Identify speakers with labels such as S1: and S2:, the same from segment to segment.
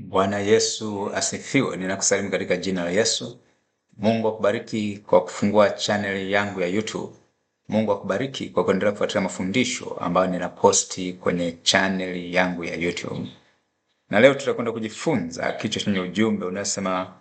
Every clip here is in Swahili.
S1: Bwana Yesu asifiwe. Ninakusalimu katika jina la Yesu. Mungu akubariki kwa kufungua channel yangu ya YouTube. Mungu akubariki kwa kuendelea kufuatilia mafundisho ambayo ninaposti kwenye chaneli yangu ya YouTube. Na leo tutakwenda kujifunza kichwa chenye ujumbe unasema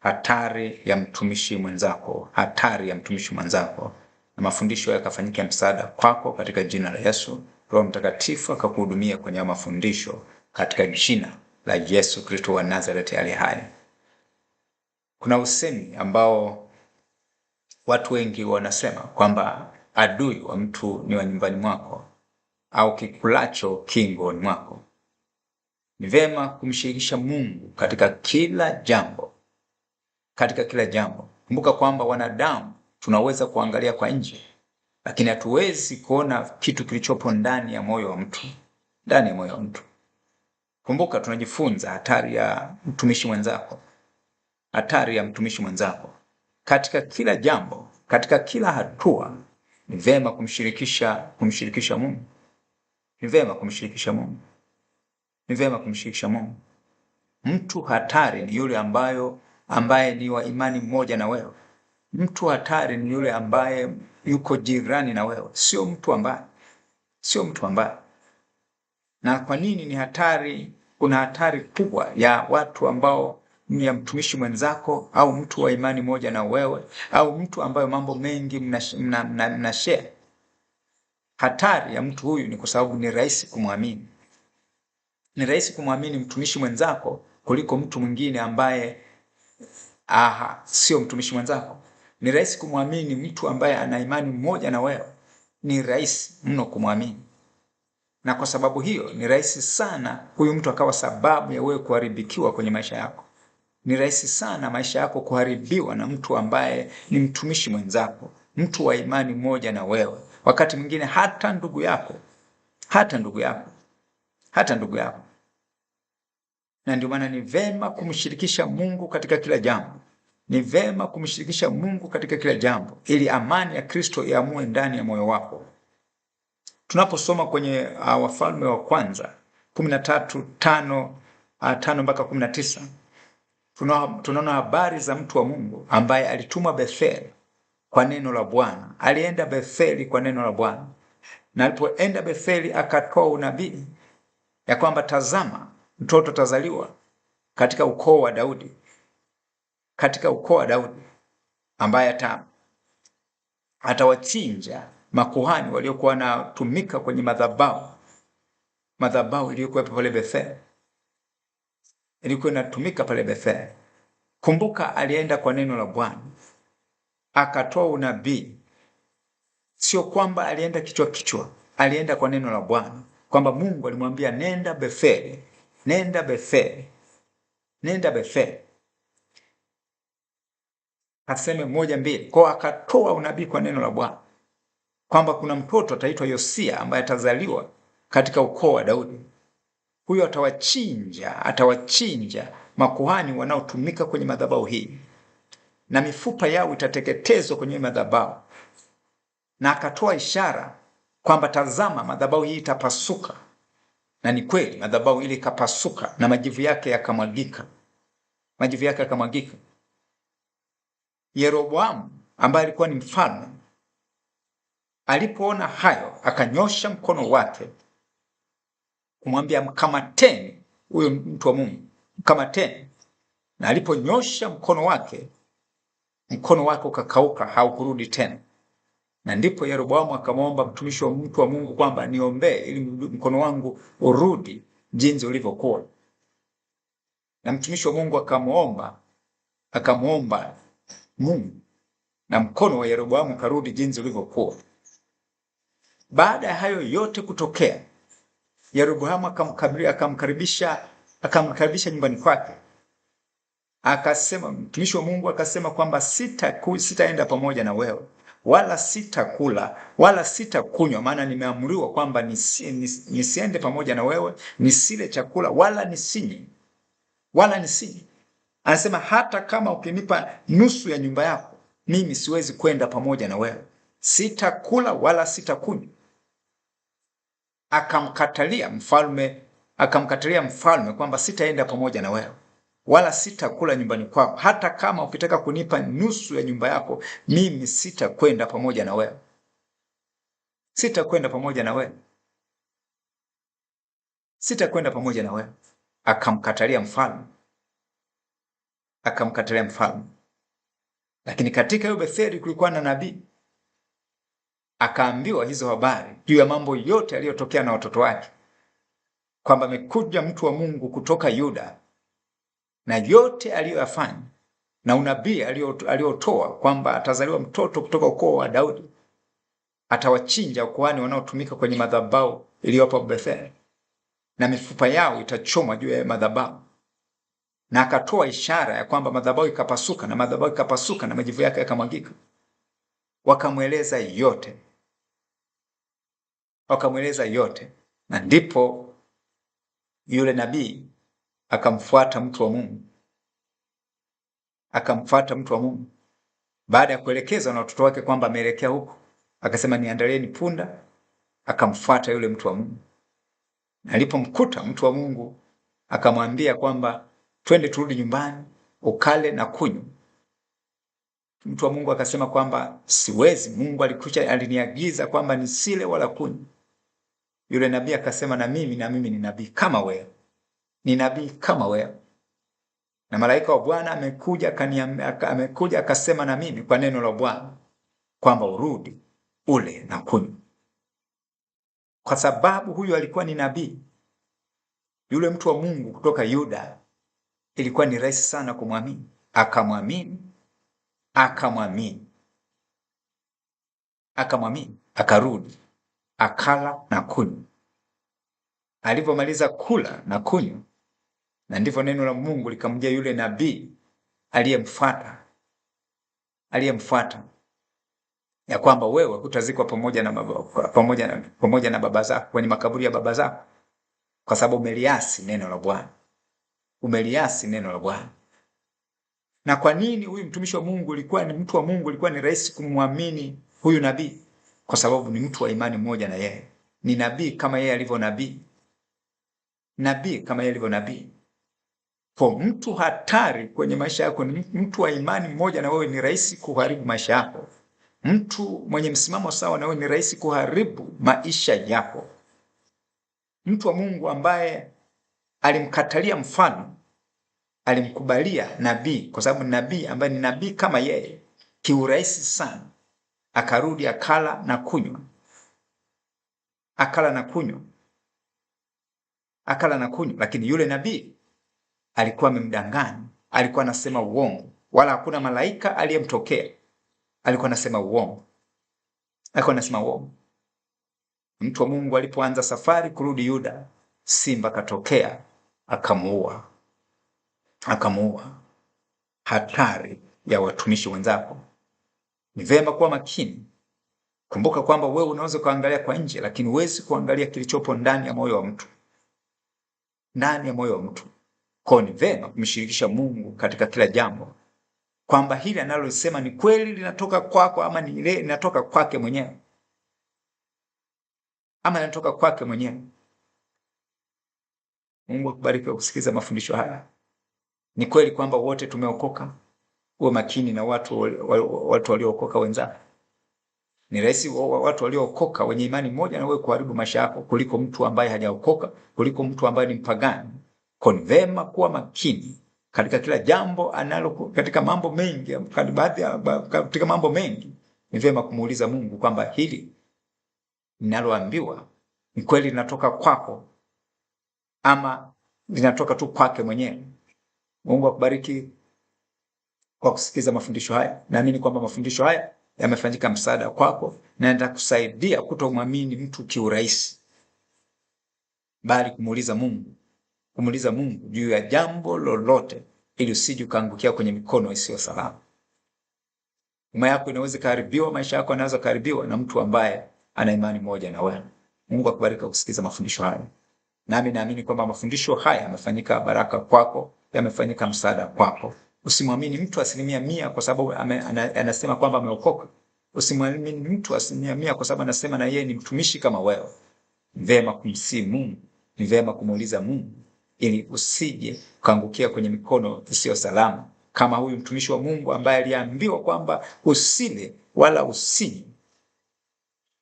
S1: hatari ya mtumishi mwenzako, hatari ya mtumishi mwenzako, na mafundisho yakafanyika msaada kwako katika jina la Yesu. Roho Mtakatifu akakuhudumia kwenye mafundisho katika jina la Yesu Kristo wa Nazareti ali hai. Kuna usemi ambao watu wengi wanasema kwamba adui wa mtu ni wa nyumbani mwako au kikulacho kingoni mwako. Ni vema kumshirikisha Mungu katika kila jambo, katika kila jambo. Kumbuka kwamba wanadamu tunaweza kuangalia kwa nje, lakini hatuwezi kuona kitu kilichopo ndani ya moyo wa mtu, ndani ya moyo wa mtu. Kumbuka, tunajifunza hatari ya mtumishi mwenzako, hatari ya mtumishi mwenzako katika kila jambo, katika kila hatua. Ni vema kumshirikisha kumshirikisha Mungu, ni vema kumshirikisha Mungu, ni vema kumshirikisha Mungu. Mtu hatari ni yule ambayo ambaye ni wa imani mmoja na wewe. Mtu hatari ni yule ambaye yuko jirani na wewe, sio mtu ambaye sio mtu ambaye. Na kwa nini ni hatari kuna hatari kubwa ya watu ambao ni ya mtumishi mwenzako au mtu wa imani moja na wewe au mtu ambayo mambo mengi mna, mna, mna, mna share. Hatari ya mtu huyu ni kwa sababu ni rahisi kumwamini. Ni rahisi kumwamini mtumishi mwenzako kuliko mtu mwingine ambaye aha, sio mtumishi mwenzako. Ni rahisi kumwamini mtu ambaye ana imani moja na wewe, ni rahisi mno kumwamini na kwa sababu hiyo ni rahisi sana huyu mtu akawa sababu ya wewe kuharibikiwa kwenye maisha yako. Ni rahisi sana maisha yako kuharibiwa na mtu ambaye ni mtumishi mwenzako, mtu wa imani moja na wewe, wakati mwingine hata ndugu yako, hata ndugu yako, hata ndugu yako. Na ndio maana ni vema kumshirikisha Mungu katika kila jambo, ni vema kumshirikisha Mungu katika kila jambo, ili amani ya Kristo iamue ndani ya moyo wako tunaposoma kwenye uh, wafalme wa kwanza kumi na tatu tano uh, tano mpaka kumi na tisa tunaona habari za mtu wa Mungu ambaye alitumwa bethel kwa neno la Bwana. Alienda Betheli kwa neno la Bwana, na alipoenda Betheli akatoa unabii ya kwamba tazama, mtoto tazaliwa katika ukoo wa Daudi, katika ukoo wa Daudi ambaye atawachinja makuhani waliokuwa wanatumika kwenye madhabahu madhabahu iliyokuwa pale Bethel, ilikuwa inatumika pale Bethel. Kumbuka, alienda kwa neno la Bwana akatoa unabii. Sio kwamba alienda kichwa kichwa, alienda kwa neno la Bwana kwamba Mungu alimwambia nenda Bethel, nenda Bethel, nenda Bethel aseme moja mbili kwao, akatoa unabii kwa neno la Bwana kwamba kuna mtoto ataitwa Yosia ambaye atazaliwa katika ukoo wa Daudi. Huyo atawachinja, atawachinja makuhani wanaotumika kwenye madhabahu hii, na mifupa yao itateketezwa kwenye madhabahu. Na akatoa ishara kwamba, tazama, madhabahu hii itapasuka. Na ni kweli madhabahu ile ikapasuka na majivu yake yakamwagika, majivu yake yakamwagika. Yeroboamu ambaye alikuwa ni mfalme Alipoona hayo, akanyosha mkono wake kumwambia, mkamateni huyo mtu wa Mungu, mkamateni. Na aliponyosha mkono wake, mkono wake ukakauka, haukurudi tena. Na ndipo Yeroboamu akamwomba mtumishi wa mtu wa Mungu kwamba niombee, ili mkono wangu urudi jinsi ulivyokuwa. Na mtumishi wa Mungu akamwomba, akamwomba Mungu na mkono wa Yeroboamu karudi jinsi ulivyokuwa. Baada ya hayo yote kutokea, Yeroboamu akamkaribisha akamkaribisha nyumbani kwake, akasema mtumishi wa Mungu akasema kwamba sita sitaenda pamoja na wewe wala sitakula wala sitakunywa, maana nimeamriwa kwamba nisi, nisi, nisiende pamoja na wewe, nisile chakula wala nisinywe wala nisinywe. Anasema hata kama ukinipa nusu ya nyumba yako, mimi siwezi kwenda pamoja na wewe, sitakula wala sitakunywa akamkatalia mfalme akamkatalia mfalme kwamba sitaenda pamoja na wewe wala sitakula nyumbani kwako, hata kama ukitaka kunipa nusu ya nyumba yako, mimi sitakwenda pamoja na wewe, sitakwenda pamoja na wewe, sitakwenda pamoja na wewe. Akamkatalia mfalme, akamkatalia mfalme. Lakini katika hiyo Betheli kulikuwa na nabii akaambiwa hizo habari juu ya mambo yote yaliyotokea na watoto wake, kwamba amekuja mtu wa Mungu kutoka Yuda na yote aliyoyafanya na unabii aliyotoa kwamba atazaliwa mtoto kutoka ukoo wa Daudi, atawachinja ukoani wanaotumika kwenye madhabahu iliyopo Bethel na mifupa yao itachomwa juu ya madhabahu, na akatoa ishara ya kwamba madhabahu ikapasuka na madhabahu ikapasuka na majivu yake yakamwagika. Wakamweleza yote wakamweleza yote, na ndipo yule nabii akamfuata mtu wa Mungu, akamfuata mtu wa Mungu baada ya kuelekezwa na watoto wake kwamba ameelekea huko, akasema niandalieni punda, akamfuata yule mtu wa Mungu. Alipomkuta mtu wa Mungu akamwambia kwamba twende turudi nyumbani ukale na kunywa. Mtu wa Mungu akasema kwamba siwezi, Mungu alikucha, aliniagiza kwamba nisile wala kunywa. Yule nabii akasema, na mimi na mimi ni nabii kama wewe, ni nabii kama wewe. Na malaika wa Bwana amekuja amekuja akasema na mimi kwa neno la Bwana kwamba urudi ule na kunywa, kwa sababu huyu alikuwa ni nabii. Yule mtu wa Mungu kutoka Yuda, ilikuwa ni rahisi sana kumwamini. Akamwamini, akamwamini, akamwamini, akarudi akala na kunywa. Alipomaliza kula na kunywa, na ndivyo neno la Mungu likamjia yule nabii aliyemfuata aliyemfuata ya kwamba wewe hutazikwa pamoja na baba, pamoja na, pamoja na baba zako kwenye makaburi ya baba zako, kwa sababu umeliasi neno la Bwana, umeliasi neno la Bwana. Na kwa nini huyu mtumishi wa Mungu, ilikuwa ni mtu wa Mungu, ilikuwa ni rahisi kumwamini huyu nabii? kwa sababu ni mtu wa imani moja na yeye, ni nabii kama yeye alivyo nabii, nabii kama yeye alivyo nabii. Kwa mtu hatari kwenye maisha yako ni mtu wa imani moja na wewe, ni rahisi kuharibu maisha yako. Mtu mwenye msimamo sawa na wewe, ni rahisi kuharibu maisha yako. Mtu wa Mungu ambaye alimkatalia mfano alimkubalia nabii, kwa sababu nabii ambaye ni nabii kama yeye, kiurahisi sana akarudi akala na kunywa, akala na kunywa, akala na kunywa. Lakini yule nabii alikuwa amemdanganya, alikuwa anasema uongo, wala hakuna malaika aliyemtokea. Alikuwa anasema uongo, alikuwa anasema uongo. Mtu wa Mungu alipoanza safari kurudi Yuda, simba katokea akamuua, akamuua. Hatari ya watumishi wenzako ni vema kuwa makini. Kumbuka kwamba wewe unaweza kuangalia kwa nje, lakini huwezi kuangalia kilichopo ndani ya moyo wa mtu, ndani ya moyo wa mtu. Kwa ni vema kumshirikisha Mungu katika kila jambo, kwamba hili analosema ni kweli linatoka kwako ama ni ile linatoka kwake mwenyewe ama linatoka kwake mwenyewe. Mungu akubariki kwa kusikiza mafundisho haya. Ni kweli kwamba wote tumeokoka uwe makini na watu watu waliookoka wenzako. Ni rahisi watu waliookoka wenye imani moja na wewe kuharibu maisha yako kuliko mtu ambaye hajaokoka, kuliko mtu ambaye ni mpagani. Ni vema kuwa makini katika kila jambo analo, katika mambo mengi, katika mambo mengi ni vema kumuuliza Mungu kwamba hili ninaloambiwa ni kweli linatoka kwako ama linatoka tu kwake mwenyewe. Mungu akubariki kwa kusikiza mafundisho haya. Naamini kwamba mafundisho haya yamefanyika msaada kwako na yatakusaidia kutomwamini mtu kiurahisi, bali kumuuliza Mungu, kumuuliza Mungu juu ya jambo lolote, ili usije ukaangukia kwenye mikono isiyo salama. Uma yako inaweza kaharibiwa, maisha yako yanaweza kaharibiwa na mtu ambaye ana imani moja na wewe. Mungu akubariki kusikiza mafundisho haya, nami naamini kwamba mafundisho haya yamefanyika baraka kwako, yamefanyika msaada kwako. Usimwamini mtu asilimia mia kwa sababu anasema kwamba ameokoka. Usimwamini mtu asilimia mia kwa sababu anasema na yeye ni mtumishi kama wewe. Ni vema kumsii Mungu, ni vema kumuuliza Mungu ili usije ukaangukia kwenye mikono isiyo salama, kama huyu mtumishi wa Mungu ambaye aliambiwa kwamba usile wala usinywe,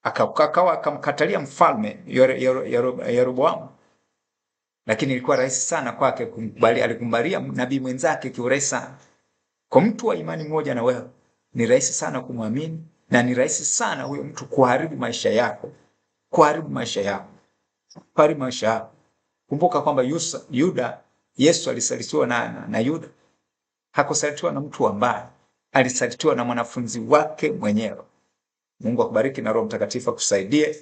S1: akawa akamkatalia mfalme Yeroboamu lakini ilikuwa rahisi sana kwake kumkubali, alikumbalia nabii mwenzake kiurahisi sana. Kwa mtu wa imani moja na wewe ni rahisi sana kumwamini na ni rahisi sana huyo mtu kuharibu maisha yako, kuharibu maisha yako, kuharibu maisha yako. Kumbuka kwamba Yusa, Yuda Yesu alisalitiwa na, na, na Yuda. Hakusalitiwa na mtu ambaye, alisalitiwa na mwanafunzi wake mwenyewe. Mungu akubariki na Roho Mtakatifu akusaidie,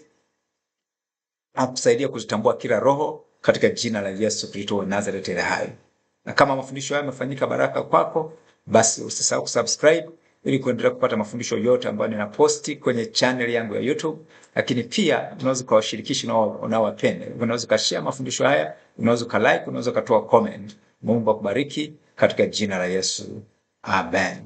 S1: akusaidie kuzitambua kila roho katika jina la Yesu Kristo wa Nazareth ile hai. Na kama mafundisho haya yamefanyika baraka kwako, basi usisahau kusubscribe ili kuendelea kupata mafundisho yote ambayo ninaposti kwenye channel yangu ya YouTube. Lakini pia unaweza kuwashirikisha na unaowapenda, unaweza ukashare mafundisho haya, unaweza like, unaweza katoa comment. Mungu akubariki katika jina la Yesu, amen.